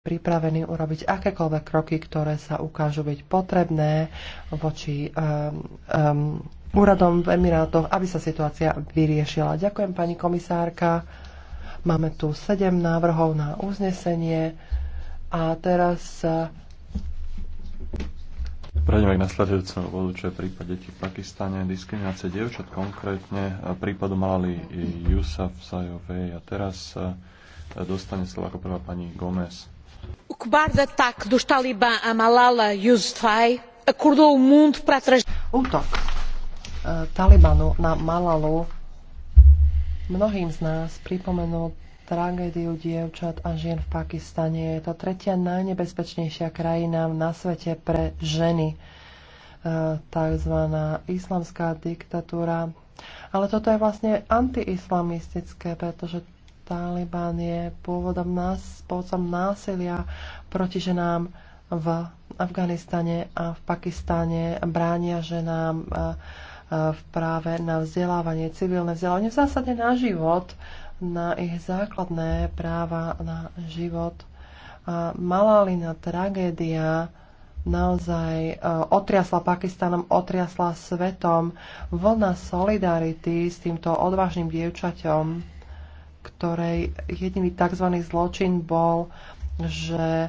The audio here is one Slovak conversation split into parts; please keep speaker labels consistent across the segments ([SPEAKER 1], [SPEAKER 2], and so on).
[SPEAKER 1] pripravení urobiť akékoľvek kroky, ktoré sa ukážu byť potrebné voči um, um, úradom v Emirátoch, aby sa situácia vyriešila. Ďakujem pani komisárka. Máme tu sedem návrhov na uznesenie a teraz uh,
[SPEAKER 2] Prejdeme k nasledujúcemu bodu, čo je prípad detí v Pakistane, diskriminácia dievčat konkrétne, eh, prípadu malali Jusaf Sajovej a teraz eh, dostane slovo ako prvá pani Gomez.
[SPEAKER 3] O ataque dos Talibã a Malala Yousafzai acordou o mundo para Útok um
[SPEAKER 1] eh, Talibanu na Malalu mnohým z nás pripomenul tragédiu dievčat a žien v Pakistane. Je to tretia najnebezpečnejšia krajina na svete pre ženy. Eh, tzv. islamská diktatúra. Ale toto je vlastne antiislamistické, pretože Taliban je pôvodom nás, pôvodcom násilia proti ženám v Afganistane a v Pakistane bránia ženám eh, eh, v práve na vzdelávanie, civilné vzdelávanie, v zásade na život, na ich základné práva na život. A lina tragédia naozaj eh, otriasla Pakistanom, otriasla svetom. Vlna solidarity s týmto odvážnym dievčaťom ktorej jediný tzv. zločin bol, že e,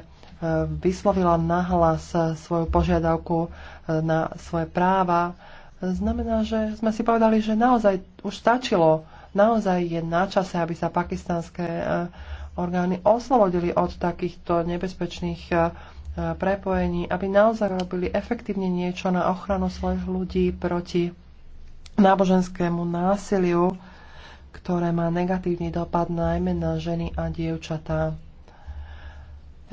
[SPEAKER 1] vyslovila nahlas e, svoju požiadavku e, na svoje práva, znamená, že sme si povedali, že naozaj už stačilo, naozaj je na čase, aby sa pakistanské orgány oslobodili od takýchto nebezpečných prepojení, aby naozaj robili efektívne niečo na ochranu svojich ľudí proti náboženskému násiliu ktoré má negatívny dopad najmä na ženy a dievčatá.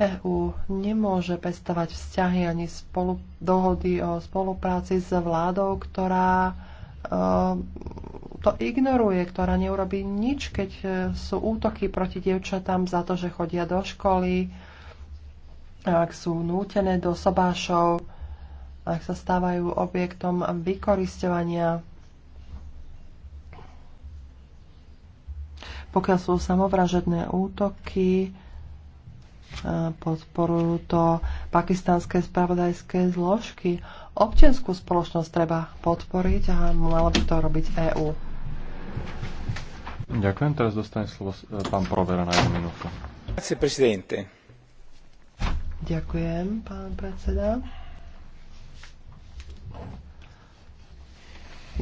[SPEAKER 1] EÚ nemôže pestovať vzťahy ani spolu, dohody o spolupráci s vládou, ktorá e, to ignoruje, ktorá neurobí nič, keď e, sú útoky proti dievčatám za to, že chodia do školy, ak sú nútené do sobášov, ak sa stávajú objektom vykoristovania. Pokiaľ sú samovražedné útoky, e, podporujú to pakistanské spravodajské zložky. Občianskú spoločnosť treba podporiť a malo by to robiť EÚ.
[SPEAKER 2] Ďakujem. Teraz dostane slovo e, pán Provera na jednu minútu.
[SPEAKER 1] Ďakujem, pán predseda.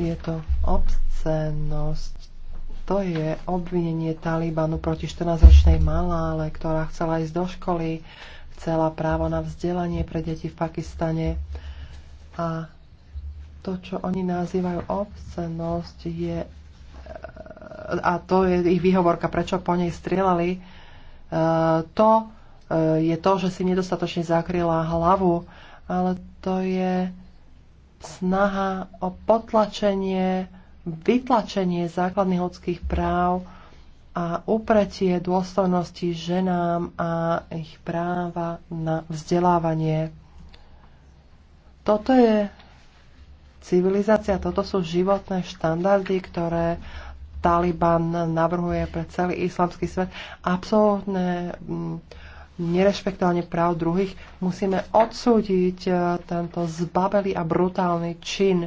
[SPEAKER 1] Je to obscenosť, to je obvinenie Talibanu proti 14-ročnej Malále, ktorá chcela ísť do školy, chcela právo na vzdelanie pre deti v Pakistane. A to, čo oni nazývajú obscenosť, je e, a to je ich výhovorka, prečo po nej strieľali, e, to e, je to, že si nedostatočne zakryla hlavu, ale to je snaha o potlačenie vytlačenie základných ľudských práv a upretie dôstojnosti ženám a ich práva na vzdelávanie. Toto je civilizácia, toto sú životné štandardy, ktoré Taliban navrhuje pre celý islamský svet. Absolútne mm, nerešpektovanie práv druhých musíme odsúdiť e, tento zbabelý a brutálny čin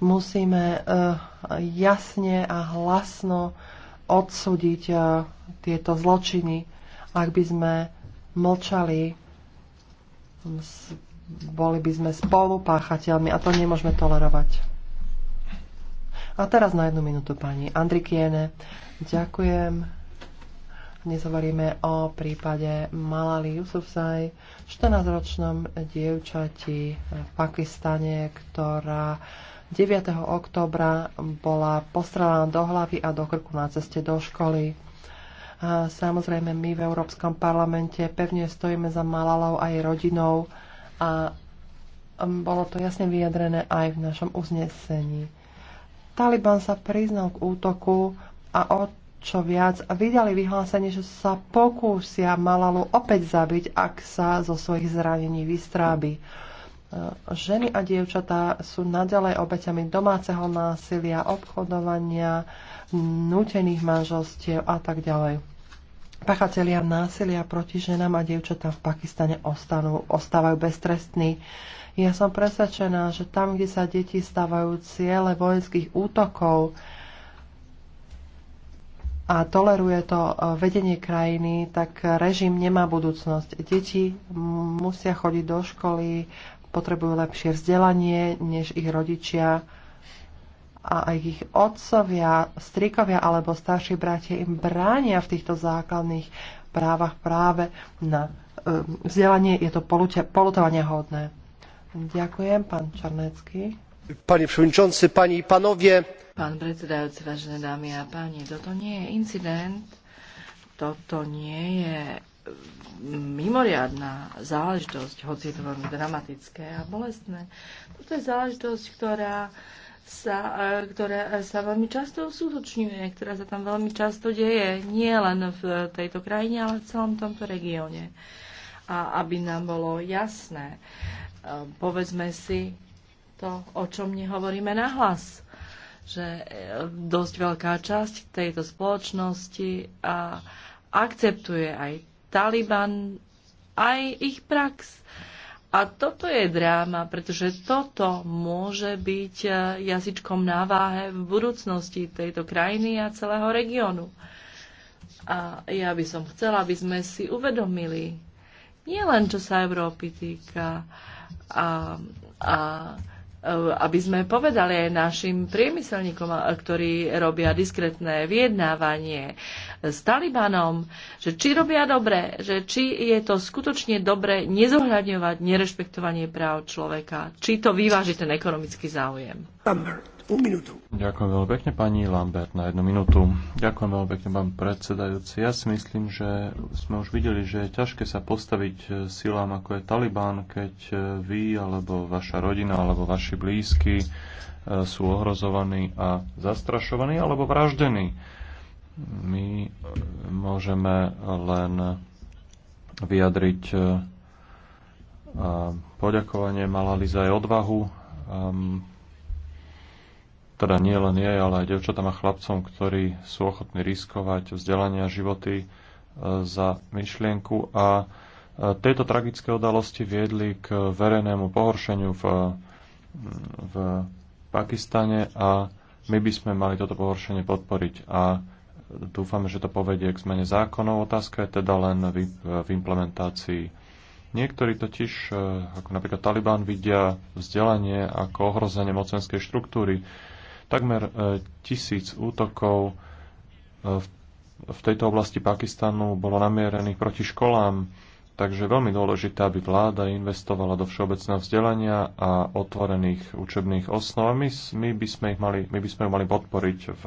[SPEAKER 1] musíme eh, jasne a hlasno odsúdiť eh, tieto zločiny. Ak by sme mlčali, boli by sme spolupáchateľmi a to nemôžeme tolerovať. A teraz na jednu minútu pani Andrikiene. Ďakujem. Dnes hovoríme o prípade Malali Yusufzaj, 14-ročnom dievčati v Pakistane, ktorá 9. októbra bola postrelená do hlavy a do krku na ceste do školy. A samozrejme, my v Európskom parlamente pevne stojíme za Malalou a jej rodinou a um, bolo to jasne vyjadrené aj v našom uznesení. Taliban sa priznal k útoku a o čo viac vydali vyhlásenie, že sa pokúsia Malalu opäť zabiť, ak sa zo svojich zranení vystrábi. E, ženy a dievčatá sú naďalej obeťami domáceho násilia, obchodovania, nútených manželstiev a tak ďalej. Pachatelia násilia proti ženám a dievčatám v Pakistane ostanú, ostávajú beztrestní. Ja som presvedčená, že tam, kde sa deti stávajú ciele vojenských útokov a toleruje to e, vedenie krajiny, tak režim nemá budúcnosť. Deti musia chodiť do školy, potrebujú lepšie vzdelanie než ich rodičia a aj ich otcovia, strikovia alebo starší bratia im bránia v týchto základných právach práve na um, vzdelanie. Je to polutovania hodné.
[SPEAKER 3] Ďakujem, pán Čarnecký.
[SPEAKER 4] Panie przewodniczący, pani i panowie. Pán
[SPEAKER 3] predsedajúci, vážené dámy a páni, toto nie je incident, toto nie je mimoriadná záležitosť, hoci je to veľmi dramatické a bolestné. Toto je záležitosť, ktorá sa, e, ktorá sa veľmi často súdočňuje, ktorá sa tam veľmi často deje, nie len v tejto krajine, ale v celom tomto regióne. A aby nám bolo jasné, e, povedzme si to, o čom nehovoríme nahlas že e, dosť veľká časť tejto spoločnosti a akceptuje aj Taliban, aj ich prax. A toto je dráma, pretože toto môže byť e, jazyčkom na váhe v budúcnosti tejto krajiny a celého regiónu. A ja by som chcela, aby sme si uvedomili, len čo sa Európy týka a, a Eh, aby sme povedali aj našim priemyselníkom, eh, ktorí robia diskrétne vyjednávanie s Talibanom, že či robia dobre, že či je to skutočne dobre nezohľadňovať nerešpektovanie práv človeka, či to vyváži ten ekonomický záujem.
[SPEAKER 4] Summer. Ďakujem
[SPEAKER 2] veľmi pekne, pani Lambert, na jednu minútu. Ďakujem veľmi pekne, pán predsedajúci. Ja si myslím, že sme už videli, že je ťažké sa postaviť silám, ako je Taliban, keď eh, vy, alebo vaša rodina, alebo vaši blízky eh, sú ohrozovaní a zastrašovaní, alebo vraždení. My eh, môžeme len vyjadriť poďakovanie, mala Liza aj odvahu ehm, teda nie len jej, ale aj devčatám a chlapcom, ktorí sú ochotní riskovať vzdelania životy e, za myšlienku a e, tieto tragické udalosti viedli k verejnému pohoršeniu v, v Pakistane a my by sme mali toto pohoršenie podporiť a dúfame, že to povedie k zmene zákonov. Otázka je teda len v, v implementácii. Niektorí totiž, e, ako napríklad Taliban, vidia vzdelanie ako ohrozenie mocenskej štruktúry Takmer e, tisíc útokov e, v tejto oblasti Pakistanu bolo namierených proti školám, takže veľmi dôležité, aby vláda investovala do všeobecného vzdelania a otvorených učebných osnov. my, my, by, sme ich mali, my by sme ju mali podporiť v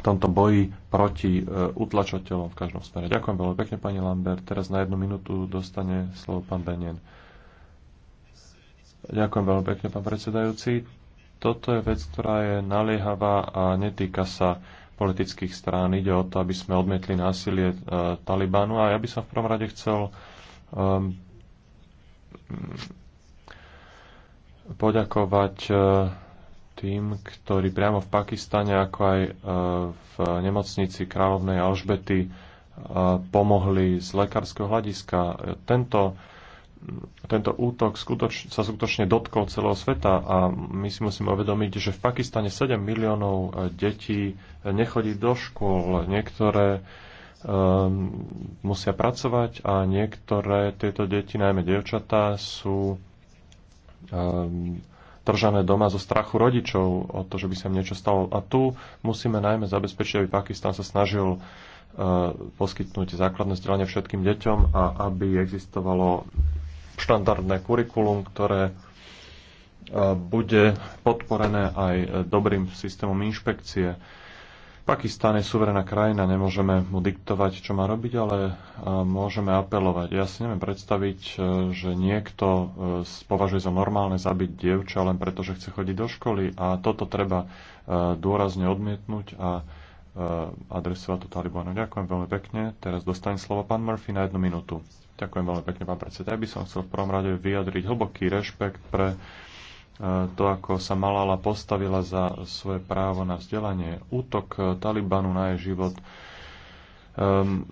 [SPEAKER 2] tomto boji proti e, utlačateľom v každom smere. Ďakujem veľmi pekne, pani Lambert. Teraz na jednu minútu dostane slovo pán Benien. Ďakujem veľmi pekne, pán predsedajúci. Toto je vec, ktorá je naliehavá a netýka sa politických strán. Ide o to, aby sme odmietli násilie e, Talibanu a ja by som v prvom rade chcel um, poďakovať e, tým, ktorí priamo v Pakistane, ako aj e, v nemocnici kráľovnej Alžbety e, pomohli z lekárskeho hľadiska. E, tento tento útok skutoč, sa skutočne dotkol celého sveta a my si musíme uvedomiť, že v Pakistane 7 miliónov e, detí e, nechodí do škôl. Niektoré um, musia pracovať a niektoré tieto deti, najmä dievčatá, sú um, držané doma zo strachu rodičov o to, že by sa im niečo stalo. A tu musíme najmä zabezpečiť, aby Pakistan sa snažil poskytnúť základné vzdelanie všetkým deťom a aby existovalo štandardné kurikulum, ktoré e, bude podporené aj dobrým systémom inšpekcie. Pakistán je suverená krajina, nemôžeme mu diktovať, čo má robiť, ale e, môžeme apelovať. Ja si neviem predstaviť, e, že niekto považuje za normálne zabiť dievča len preto, že chce chodiť do školy a toto treba dôrazne odmietnúť a adresovať to Talibanu. Ďakujem veľmi pekne. Teraz dostane slovo pán Murphy na jednu minútu. Ďakujem veľmi pekne, pán predseda. Ja by som chcel v prvom rade vyjadriť hlboký rešpekt pre e, to, ako sa Malala postavila za svoje právo na vzdelanie. Útok e, Talibanu na jej život um,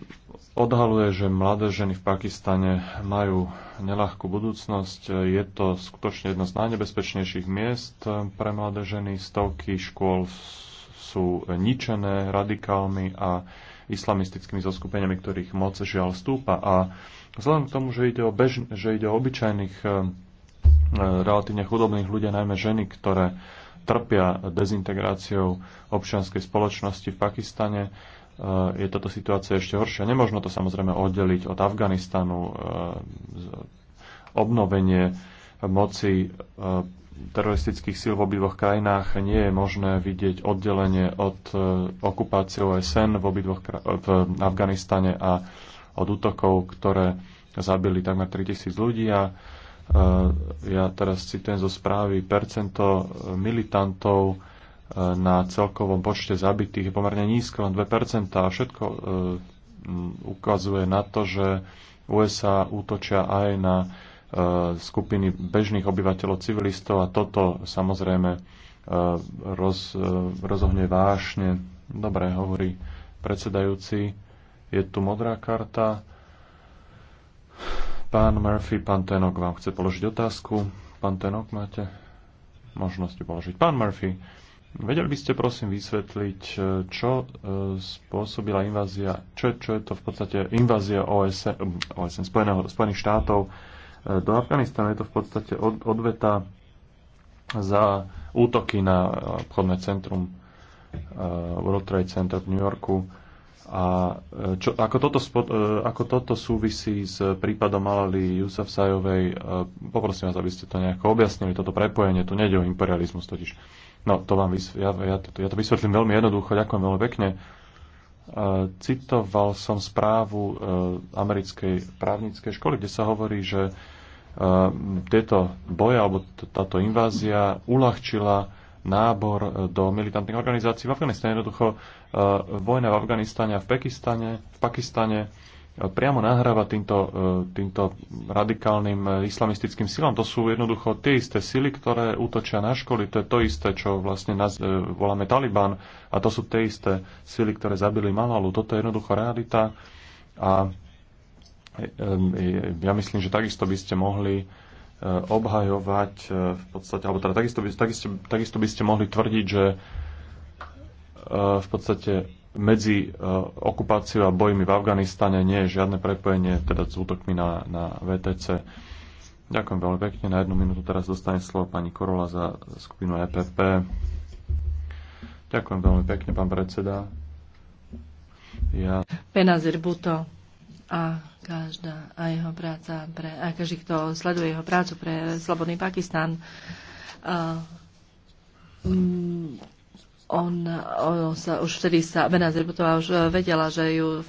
[SPEAKER 2] odhaluje, že mladé ženy v Pakistane majú nelahkú budúcnosť. Je to skutočne jedno z najnebezpečnejších miest e, pre mladé ženy. Stovky škôl sú ničené radikálmi a islamistickými zoskupeniami, ktorých moc žiaľ stúpa. A Vzhľadom k tomu, že ide o, bež, že ide o obyčajných e, e relatívne chudobných ľudia, najmä ženy, ktoré trpia dezintegráciou občianskej spoločnosti v Pakistane, e, je táto situácia ešte horšia. Nemožno to samozrejme oddeliť od Afganistanu. E, obnovenie moci e, teroristických síl v obidvoch krajinách nie je možné vidieť oddelenie od e, okupácie OSN v, obidvoch, v Afganistane a od útokov, ktoré zabili takmer 3000 ľudí a e, ja teraz citujem zo správy, percento e, militantov e, na celkovom počte zabitých je pomerne nízko, len 2%. A všetko ukazuje na to, že USA útočia aj na skupiny bežných obyvateľov, civilistov a toto samozrejme roz, rozohne vášne. Dobre, hovorí predsedajúci. Je tu modrá karta. Pán Murphy, pán Tenok vám chce položiť otázku. Pán Tenok, máte možnosť položiť. Pán Murphy, vedeli by ste prosím vysvetliť, eh, čo eh, spôsobila invázia, čo, čo je to v podstate invázia OSN, eh, OSN Spojeného, Spojených štátov do Afganistanu. Je to v podstate od, odveta za útoky na obchodné centrum World Trade Center v New Yorku a e, čo, ako, toto, e, ako toto súvisí s prípadom Malali Sajovej, e, poprosím vás, aby ste to nejako objasnili, toto prepojenie, tu nejde o imperializmus totiž. No, to vám ja, ja, to, ja to vysvetlím veľmi jednoducho, ďakujem veľmi pekne. Citoval som správu americkej právnickej školy, kde sa hovorí, že tieto boje alebo táto invázia uľahčila nábor e, do militantných organizácií v Afganistane. Jednoducho e, vojna v Afganistane a v Pakistane, v Pakistane e, priamo nahráva týmto, týmto radikálnym islamistickým silám. To sú jednoducho tie isté sily, ktoré útočia na školy. To je to isté, čo vlastne naz- voláme Taliban. A to sú tie isté sily, ktoré zabili Malalu. Toto je jednoducho realita. A ja myslím, že takisto by ste mohli obhajovať e, v podstate, alebo teda takisto by, takisto, takisto by ste mohli tvrdiť, že e, v podstate medzi e, okupáciou a bojmi v Afganistane nie je žiadne prepojenie teda s útokmi na, na VTC. Ďakujem veľmi pekne. Na jednu minútu teraz dostane slovo pani Korola za skupinu EPP. Ďakujem veľmi pekne, pán predseda. Ja...
[SPEAKER 3] Benazir Buto a každá a jeho práca pre, a každý, kto sleduje jeho prácu pre Slobodný Pakistan, a, mm, on, on sa už vtedy sa, Bena Zributová už e, vedela, že ju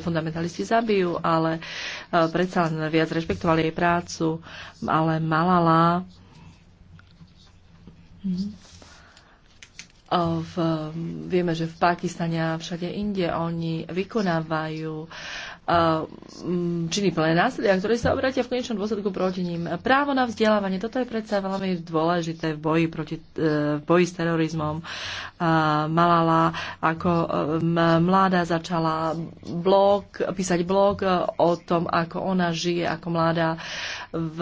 [SPEAKER 3] fundamentalisti zabijú, ale uh, predsa len viac rešpektovali jej prácu, ale Malala e, v, vieme, že v Pakistane a všade inde oni vykonávajú uh, Mm, činy plné násilia, ktoré sa obratia v konečnom dôsledku proti ním. Právo na vzdelávanie, toto je predsa veľmi dôležité v boji, proti, e, v boji s terorizmom. Malala ako mladá začala blog, písať blog o tom, ako ona žije ako mladá e, v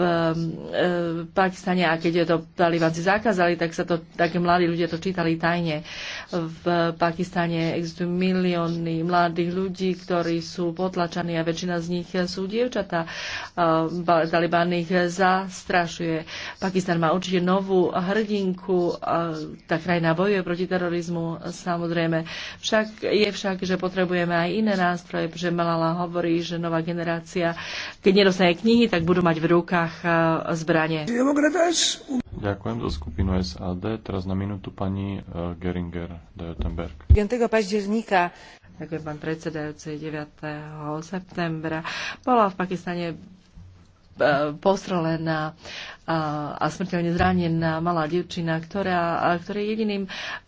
[SPEAKER 3] Pakistane a keď to talibanci zakázali, tak sa to, také mladí ľudia to čítali tajne. V Pakistane existujú milióny mladých ľudí, ktorí sú potlačení Taliančany a väčšina z nich sú dievčatá. Taliban ich zastrašuje. Pakistan má určite novú hrdinku. Tá krajina bojuje proti terorizmu, samozrejme. Však je však, že potrebujeme aj iné nástroje, pretože Malala hovorí, že nová generácia, keď nedostane knihy, tak budú mať v rukách zbranie.
[SPEAKER 2] Ďakujem za skupinu SAD. Teraz na minútu pani Geringer de 5.
[SPEAKER 3] października Ďakujem, pán predsedajúci. 9. septembra bola v Pakistane e, postrelená a, a smrteľne zranená malá dievčina, ktorá, ktorej jediným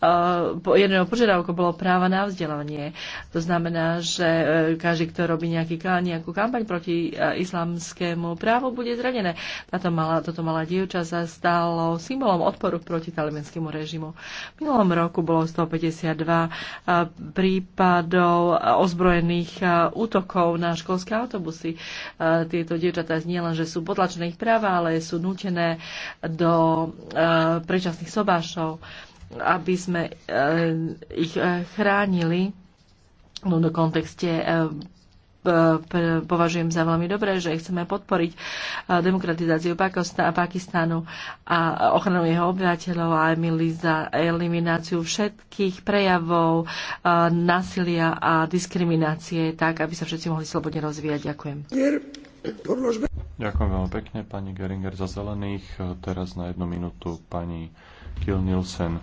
[SPEAKER 3] uh, jedinou požiadavkou bolo práva na vzdelanie. To znamená, že e, každý, kto robí nejaký, nejakú kampaň proti e, islamskému právu, bude zranené. Táto malá, toto malá dievča sa stalo symbolom odporu proti talibanskému režimu. V minulom roku bolo 152 e, prípadov ozbrojených útokov na školské autobusy. tieto dievčatá že sú potlačené ich práva, ale sú nutené oblečené do e, predčasných sobášov, aby sme e, ich e, chránili no, v tomto kontexte považujem za veľmi dobré, že chceme podporiť demokratizáciu Pakistanu a ochranu jeho obyvateľov a za elimináciu všetkých prejavov násilia a diskriminácie, tak aby sa všetci mohli slobodne rozvíjať. Ďakujem.
[SPEAKER 2] Ďakujem veľmi pekne, pani Geringer za zelených. Teraz na jednu minútu pani Kiel Nielsen.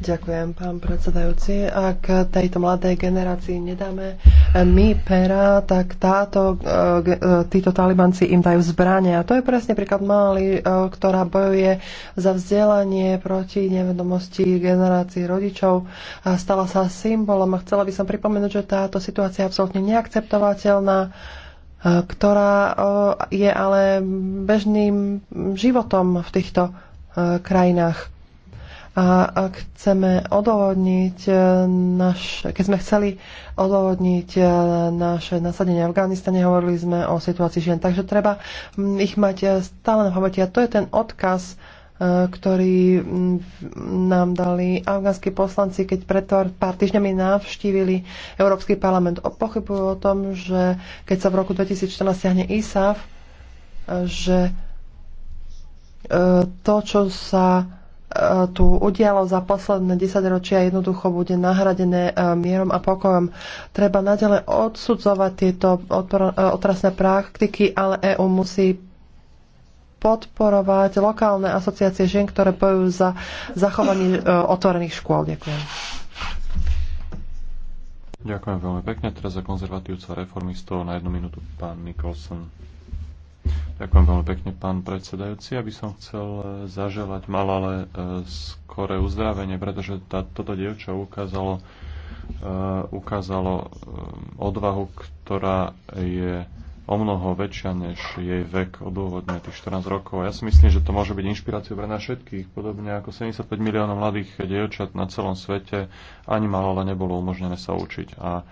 [SPEAKER 3] Ďakujem,
[SPEAKER 1] pán predsedajúci. Ak tejto mladej generácii nedáme eh, my pera, tak táto, eh, eh, títo talibanci im dajú zbranie. A to je presne príklad Mali, ktorá bojuje za vzdelanie proti nevedomosti generácií rodičov. A stala sa symbolom a chcela by som pripomenúť, že táto situácia je absolútne neakceptovateľná ktorá je ale bežným životom v týchto e, krajinách. A ak chceme odôvodniť e, naš, keď sme chceli odôvodniť e, naše nasadenie v Afganistane, hovorili sme o situácii žien. Takže treba ich mať stále na pamäti. A to je ten odkaz, Eh, ktorý mm, nám dali afgánsky poslanci, keď pred pár týždňami navštívili Európsky parlament. Pochybujú o tom, že keď sa v roku 2014 stiahne ISAF, eh, že eh, to, čo sa tu udialo za posledné desaťročia jednoducho bude nahradené mierom a pokojom. Treba nadalej odsudzovať tieto otrasné praktiky, ale EÚ musí podporovať lokálne asociácie žien, ktoré bojujú za zachovanie e, otvorených škôl.
[SPEAKER 4] Ďakujem.
[SPEAKER 2] Ďakujem veľmi pekne. Teraz za konzervatívca reformistov na jednu minútu pán Nikolson. Ďakujem veľmi pekne, pán predsedajúci. Aby som chcel e, zaželať Malale skore uzdravenie, pretože tá, toto dievča ukázalo, e, ukázalo odvahu, ktorá je o mnoho väčšia než jej vek odôvodňuje tých 14 rokov. Ja si myslím, že to môže byť inšpiráciou pre nás všetkých, podobne ako 75 miliónov mladých dievčat na celom svete ani malo, ale nebolo umožnené sa učiť. A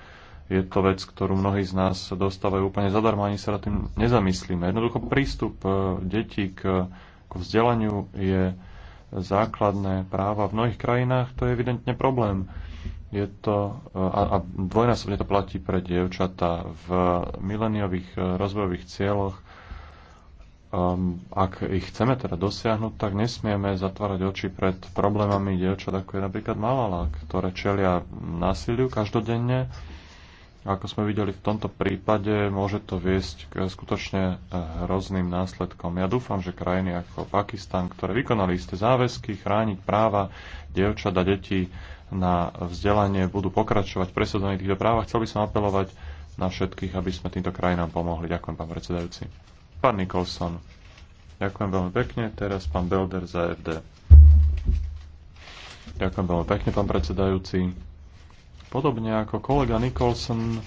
[SPEAKER 2] je to vec, ktorú mnohí z nás dostávajú úplne zadarmo, ani sa nad tým nezamyslíme. Jednoducho prístup e, detí k, k vzdelaniu je základné práva. V mnohých krajinách to je evidentne problém je to, a, a dvojnásobne to platí pre dievčata v mileniových e, rozvojových cieľoch. Um, ak ich chceme teda dosiahnuť, tak nesmieme zatvárať oči pred problémami dievčat, ako je napríklad Malala, ktoré čelia násiliu každodenne. Ako sme videli v tomto prípade, môže to viesť k skutočne e, hrozným následkom. Ja dúfam, že krajiny ako Pakistan, ktoré vykonali isté záväzky chrániť práva dievčat a detí, na vzdelanie budú pokračovať v presadzovaní týchto právach. chcel by som apelovať na všetkých, aby sme týmto krajinám pomohli. Ďakujem, pán predsedajúci. Pán Nikolson, ďakujem veľmi pekne. Teraz pán Belder za FD. Ďakujem veľmi pekne, pán predsedajúci. Podobne ako kolega Nikolson,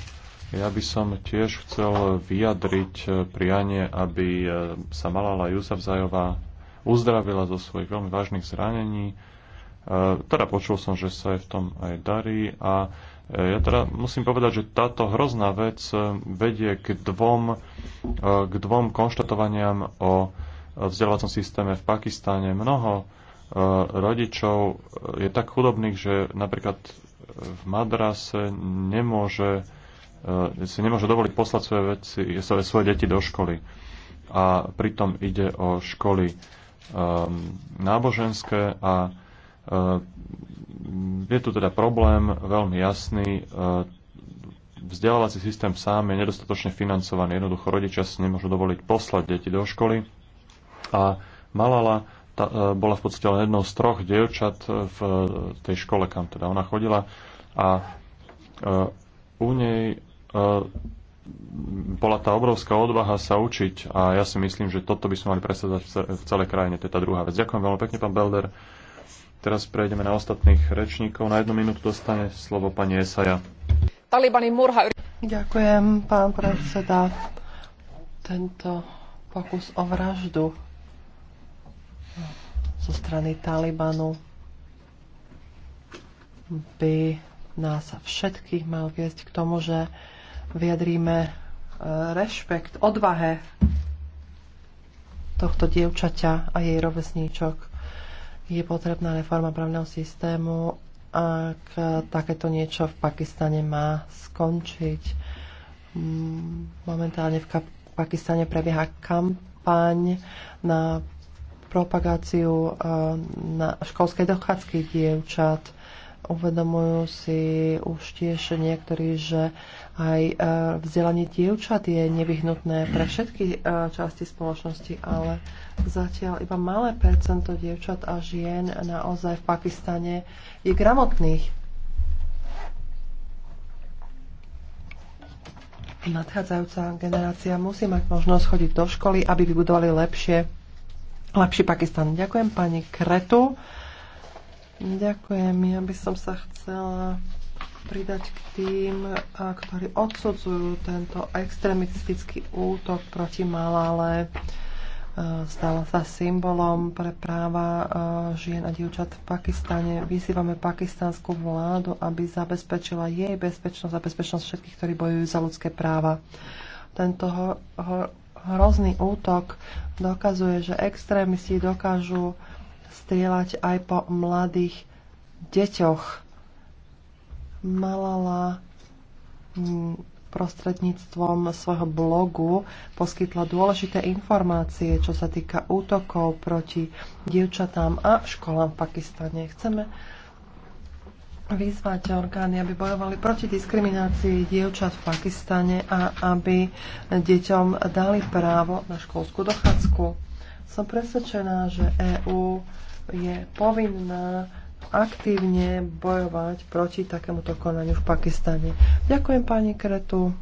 [SPEAKER 2] ja by som tiež chcel vyjadriť prianie, aby sa Malala Jusafzajová uzdravila zo svojich veľmi vážnych zranení E, teda počul som, že sa aj v tom aj darí a e, ja teda musím povedať, že táto hrozná vec e, vedie k dvom, k dvom konštatovaniam o vzdelávacom systéme v Pakistáne. Mnoho rodičov je tak chudobných, že napríklad v Madrase nemôže, si nemôže dovoliť poslať svoje, veci, svoje deti do školy. A pritom ide o školy náboženské a Eh, je tu teda problém veľmi jasný. Eh, vzdelávací systém sám je nedostatočne financovaný. Jednoducho rodičia si nemôžu dovoliť poslať deti do školy. A Malala tá, eh, bola v podstate len jednou z troch dievčat v tej škole, kam teda ona chodila. A u nej bola tá obrovská odvaha sa učiť a ja si myslím, že toto by sme mali presadzať v celej krajine. To je tá druhá vec. Ďakujem veľmi pekne, pán Belder. Teraz prejdeme na ostatných rečníkov. Na jednu minútu dostane slovo pani Esaja.
[SPEAKER 1] Talibani murha... Ďakujem, pán predseda. Tento pokus o vraždu zo strany Talibanu by nás všetkých mal viesť k tomu, že vyjadríme e, rešpekt, odvahe tohto dievčaťa a jej rovesníčok je potrebná reforma právneho systému, ak takéto niečo v Pakistane má skončiť. Mm, momentálne v Pakistane prebieha kampaň na propagáciu eh, na školskej dochádzky dievčat uvedomujú si už tiež niektorí, že aj e, vzdelanie dievčat je nevyhnutné pre všetky e, časti spoločnosti, ale zatiaľ iba malé percento dievčat a žien naozaj v Pakistane je gramotných. Nadchádzajúca generácia musí mať možnosť chodiť do školy, aby vybudovali lepšie, lepší Pakistan. Ďakujem pani Kretu. Ďakujem. Ja by som sa chcela pridať k tým, ktorí odsudzujú tento extremistický útok proti Malále Stala sa symbolom pre práva žien a dievčat v Pakistane. Vyzývame pakistanskú vládu, aby zabezpečila jej bezpečnosť a bezpečnosť všetkých, ktorí bojujú za ľudské práva. Tento hrozný útok dokazuje, že extrémisti dokážu strieľať aj po mladých deťoch. Malala mm, prostredníctvom svojho blogu poskytla dôležité informácie, čo sa týka útokov proti dievčatám a školám v Pakistane. Chceme vyzvať orgány, aby bojovali proti diskriminácii dievčat v Pakistane a aby deťom dali právo na školskú dochádzku. Som presvedčená, že EÚ je povinná aktívne bojovať proti takémuto konaniu v Pakistane. Ďakujem pani Kretu.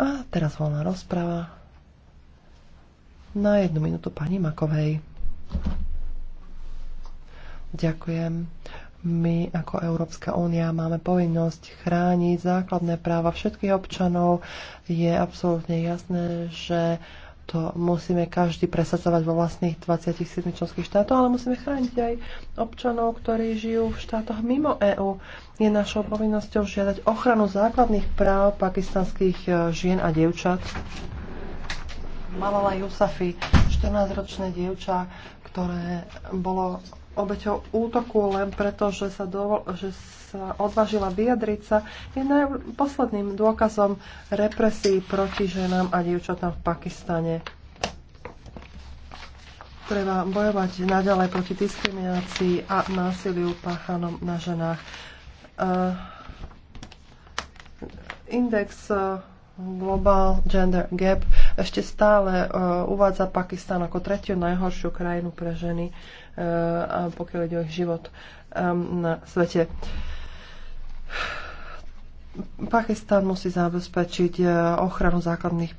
[SPEAKER 1] A teraz voľná rozprava. Na jednu minútu pani Makovej. Ďakujem. My ako Európska únia máme povinnosť chrániť základné práva všetkých občanov. Je absolútne jasné, že uh, to musíme každý presadzovať vo vlastných 27 členských štátoch, ale musíme chrániť aj občanov, ktorí žijú v štátoch mimo EÚ. Je našou povinnosťou žiadať ochranu základných práv pakistanských e, žien a dievčat. Malala Yusafi, 14-ročné dievča, ktoré bolo obeťou útoku len preto, že sa, dovol, že sa odvážila vyjadriť sa, je posledným dôkazom represí proti ženám a dievčatám v Pakistane. Treba bojovať naďalej proti diskriminácii a násiliu páchanom na ženách. Uh, index uh, Global Gender Gap ešte stále uh, uvádza Pakistan ako tretiu najhoršiu krajinu pre ženy, uh, pokiaľ ide o ich život um, na svete. Pakistan musí zabezpečiť uh, ochranu základných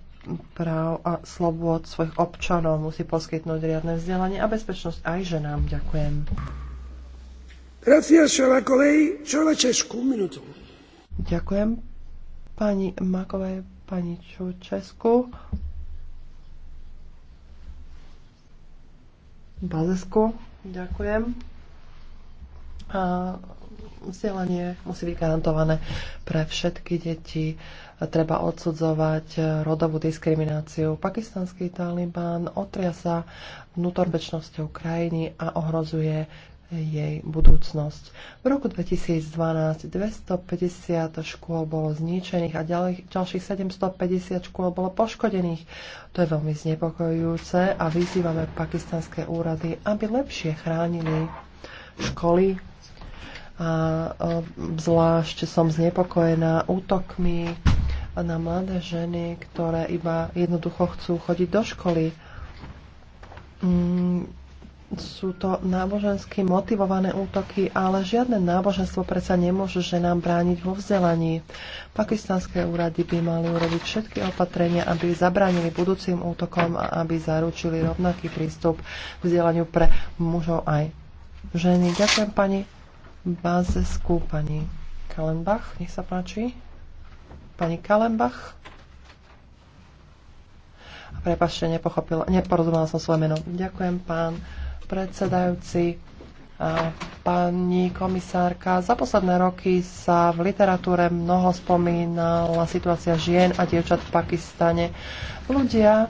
[SPEAKER 1] práv a slobod svojich občanov, musí poskytnúť riadne vzdelanie a bezpečnosť aj ženám. Ďakujem.
[SPEAKER 4] Gracias, Šola Kolej. Šola minútu.
[SPEAKER 1] Ďakujem pani Makovej, pani Čučesku, Bazesku. Ďakujem. A vzdelanie musí byť garantované pre všetky deti. Treba odsudzovať rodovú diskrimináciu. Pakistanský Taliban otria sa vnútorbečnosťou krajiny a ohrozuje jej budúcnosť. V roku 2012 250 škôl bolo zničených a ďalej, ďalších 750 škôl bolo poškodených. To je veľmi znepokojujúce a vyzývame pakistanské úrady, aby lepšie chránili školy. A e, zvlášť som znepokojená útokmi na mladé ženy, ktoré iba jednoducho chcú chodiť do školy. Mm sú to nábožensky motivované útoky, ale žiadne náboženstvo predsa nemôže ženám brániť vo vzdelaní. Pakistanské úrady by mali urobiť všetky opatrenia, aby zabránili budúcim útokom a aby zaručili rovnaký prístup k vzdelaniu pre mužov aj ženy. Ďakujem pani Bazesku, pani Kalenbach, nech sa páči. Pani Kalenbach. Prepašte, nepochopila, neporozumela som svoje meno. Ďakujem, pán predsedajúci. E, pani komisárka, za posledné roky sa v literatúre mnoho spomínala situácia žien a dievčat v Pakistane. Ľudia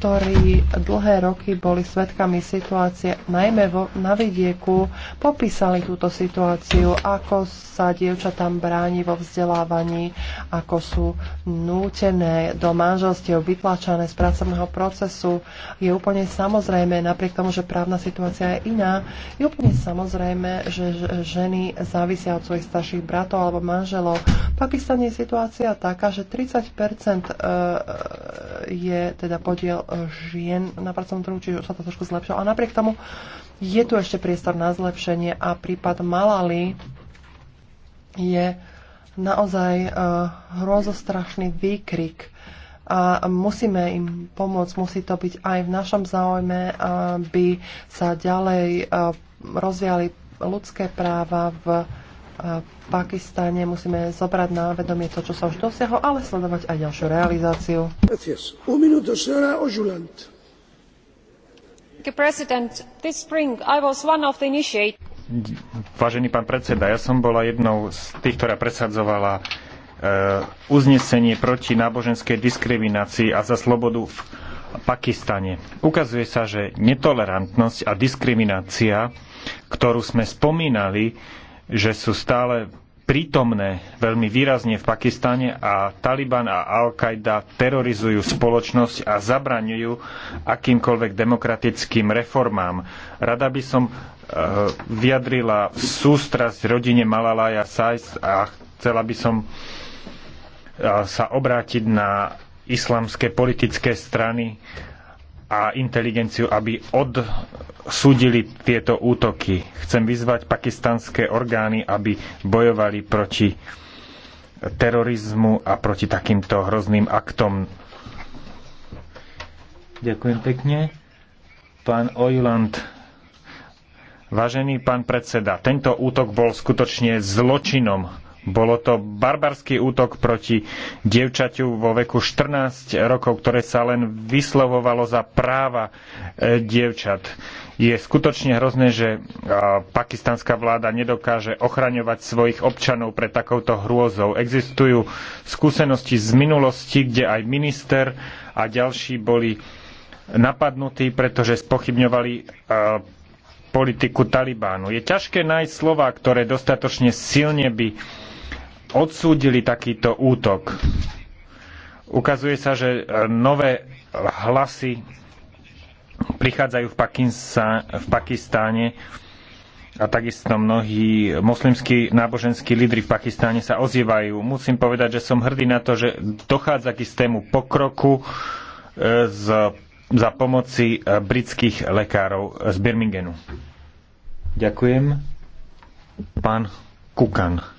[SPEAKER 1] ktorí dlhé roky boli svetkami situácie, najmä vo, na vidieku, popísali túto situáciu, ako sa dievčatám bráni vo vzdelávaní, ako sú nútené do manželstiev, vytlačané z pracovného procesu. Je úplne samozrejme, napriek tomu, že právna situácia je iná, je úplne samozrejme, že ženy závisia od svojich starších bratov alebo manželov. V Pakistane je situácia taká, že 30 e, e, je teda podiel žien na pracovnom trhu, čiže sa to trošku zlepšilo. A napriek tomu je tu ešte priestor na zlepšenie a prípad Malali je naozaj eh, hrozostrašný výkrik a musíme im pomôcť, musí to byť aj v našom záujme, aby sa ďalej eh, rozvíjali ľudské práva v Pakistane. Musíme zobrať na vedomie to, čo sa už dosiahlo, ale sledovať aj ďalšiu realizáciu.
[SPEAKER 5] Vážený pán predseda, ja som bola jednou z tých, ktorá presadzovala e, uznesenie proti náboženskej diskriminácii a za slobodu v Pakistane. Ukazuje sa, že netolerantnosť a diskriminácia, ktorú sme spomínali, že sú stále prítomné veľmi výrazne v Pakistane a Taliban a Al-Qaida terorizujú spoločnosť a zabraňujú akýmkoľvek demokratickým reformám. Rada by som e, vyjadrila sústrasť rodine Malalaja Sajs a chcela by som e, sa obrátiť na islamské politické strany a inteligenciu, aby súdili tieto útoky. Chcem vyzvať pakistanské orgány, aby bojovali proti terorizmu a proti takýmto hrozným aktom. Ďakujem pekne. Pán Ojuland, vážený pán predseda, tento útok bol skutočne zločinom bolo to barbarský útok proti dievčaťu vo veku 14 rokov, ktoré sa len vyslovovalo za práva e, dievčat. Je skutočne hrozné, že e, pakistanská vláda nedokáže ochraňovať svojich občanov pred takouto hrôzou. Existujú skúsenosti z minulosti, kde aj minister a ďalší boli napadnutí, pretože spochybňovali e, politiku Talibánu. Je ťažké nájsť slova, ktoré dostatočne silne by odsúdili takýto útok. Ukazuje sa, že e, nové hlasy prichádzajú v, Pakinsa, v Pakistáne a takisto mnohí moslimskí náboženskí lídry v Pakistáne sa ozývajú. Musím povedať, že som hrdý na to, že dochádza k istému pokroku e, z, za pomoci e, britských lekárov z Birminghamu. Ďakujem. Pán Kukan.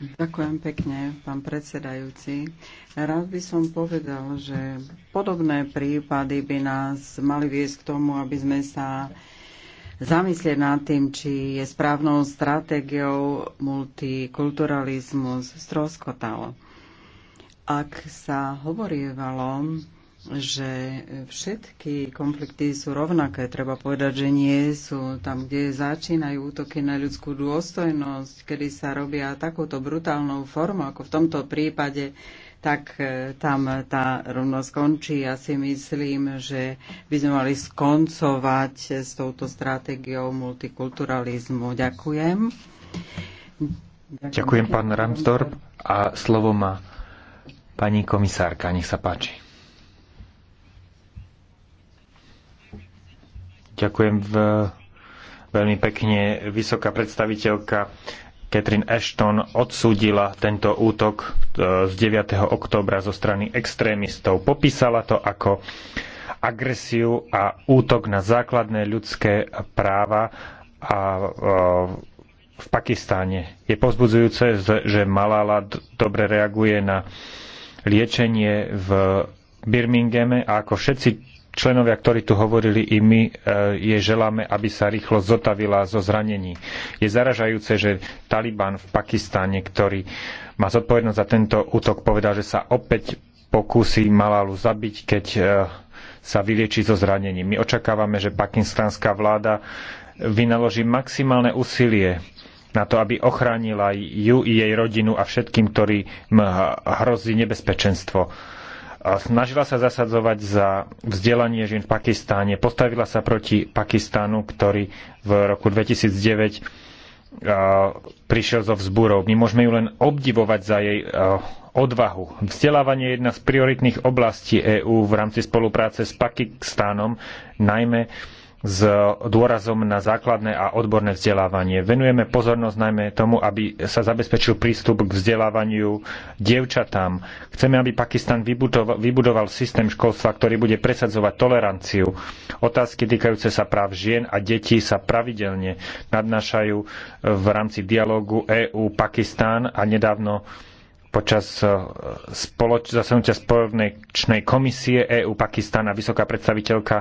[SPEAKER 3] Ďakujem pekne, pán predsedajúci. Rád by som povedal, že podobné prípady by nás mali viesť k tomu, aby sme sa zamyslieť nad tým, či je správnou stratégiou multikulturalizmus stroskotal. Ak sa hovorievalo že všetky konflikty sú rovnaké. Treba povedať, že nie sú tam, kde začínajú útoky na ľudskú dôstojnosť, kedy sa robia takúto brutálnou formou, ako v tomto prípade, tak e, tam tá rovno skončí. Ja si myslím, že by sme mali skoncovať s touto stratégiou multikulturalizmu. Ďakujem.
[SPEAKER 4] Ďakujem,
[SPEAKER 3] Ďakujem pán Ramsdorp.
[SPEAKER 5] A slovo má pani komisárka. Nech sa páči. Ďakujem v, veľmi pekne. Vysoká predstaviteľka Catherine Ashton odsúdila tento útok e, z 9. októbra zo strany extrémistov. Popísala to ako agresiu a útok na základné ľudské práva a e, v Pakistáne. Je pozbudzujúce, že Malala dobre reaguje na liečenie v Birminghame a ako všetci členovia, ktorí tu hovorili i my, e, je želáme, aby sa rýchlo zotavila zo zranení. Je zaražajúce, že Taliban v Pakistáne, ktorý má zodpovednosť za tento útok, povedal, že sa opäť pokúsi Malalu zabiť, keď e, sa vylieči zo zranení. My očakávame, že pakistánska vláda vynaloží maximálne úsilie na to, aby ochránila ju i jej rodinu a všetkým, ktorým hrozí nebezpečenstvo snažila sa zasadzovať za vzdelanie žien v Pakistáne, postavila sa proti Pakistánu, ktorý v roku 2009 prišiel so vzbúrov. My môžeme ju len obdivovať za jej odvahu. Vzdelávanie je jedna z prioritných oblastí EÚ v rámci spolupráce s Pakistánom, najmä s dôrazom na základné a odborné vzdelávanie. Venujeme pozornosť najmä tomu, aby sa zabezpečil prístup k vzdelávaniu dievčatám. Chceme, aby Pakistan vybudoval, vybudoval systém školstva, ktorý bude presadzovať toleranciu. Otázky týkajúce sa práv žien a detí sa pravidelne nadnášajú v rámci dialógu EU-Pakistán a nedávno počas eh, spoloč- zasadnutia spoločnej komisie EU Pakistana vysoká predstaviteľka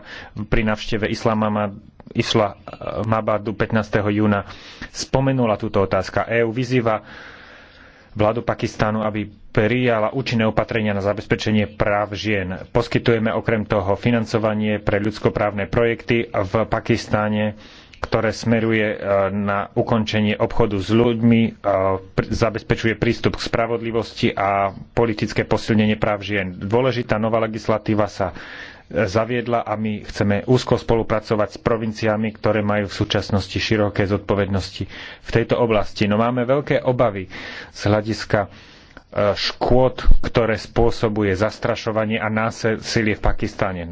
[SPEAKER 5] pri navšteve Islamama išla eh, Mabadu 15. júna spomenula túto otázka. EU vyzýva vládu Pakistánu, aby prijala účinné opatrenia na zabezpečenie práv žien. Poskytujeme okrem toho financovanie pre ľudskoprávne projekty v Pakistáne ktoré smeruje e, na ukončenie obchodu s ľuďmi, e, zabezpečuje prístup k spravodlivosti a politické posilnenie práv žien. Dôležitá nová legislatíva sa e, zaviedla a my chceme úzko spolupracovať s provinciami, ktoré majú v súčasnosti široké zodpovednosti v tejto oblasti. No máme veľké obavy z hľadiska škôd, ktoré spôsobuje zastrašovanie a násilie v Pakistane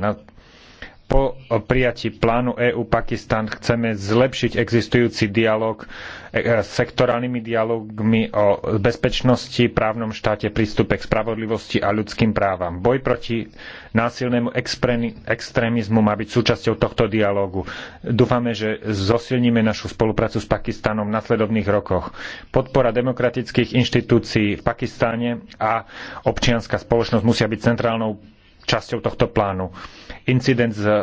[SPEAKER 5] po prijatí plánu EU-Pakistan chceme zlepšiť existujúci dialog e, e, sektorálnymi dialogmi o bezpečnosti, právnom štáte, prístupe k spravodlivosti a ľudským právam. Boj proti násilnému extrémizmu má byť súčasťou tohto dialógu. Dúfame, že zosilníme našu spoluprácu s Pakistanom v nasledovných rokoch. Podpora demokratických inštitúcií v Pakistáne a občianská spoločnosť musia byť centrálnou časťou tohto plánu. Incident z, eh,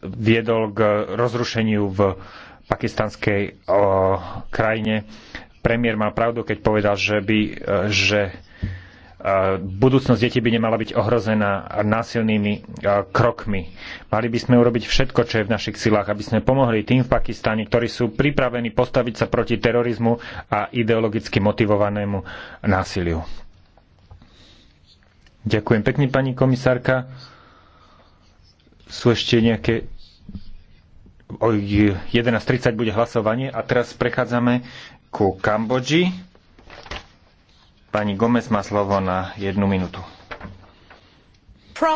[SPEAKER 5] viedol k rozrušeniu v pakistanskej o, eh, krajine. Premiér mal pravdu, keď povedal, že by, eh, že budúcnosť detí by nemala byť ohrozená násilnými krokmi. Mali by sme urobiť všetko, čo je v našich silách, aby sme pomohli tým v Pakistáne, ktorí sú pripravení postaviť sa proti terorizmu a ideologicky motivovanému násiliu. Ďakujem pekne, pani komisárka. Sú ešte nejaké... O 11.30 bude hlasovanie a teraz prechádzame ku Kambodži. Pani Gomez má slovo na jednu minútu.